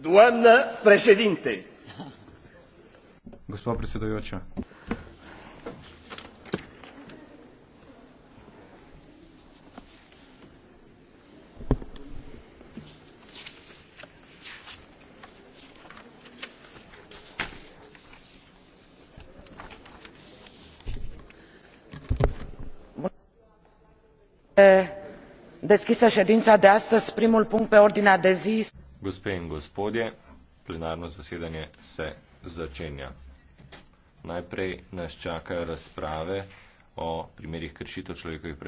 Doamnă președinte! Gospod predsedujoča. E, deschisă ședința de astăzi primul punct pe ordinea de zi. plenarno zasedanje se začenja. Najprej nas čaka razprave o primerih kršitev človekovih pravic v Sloveniji.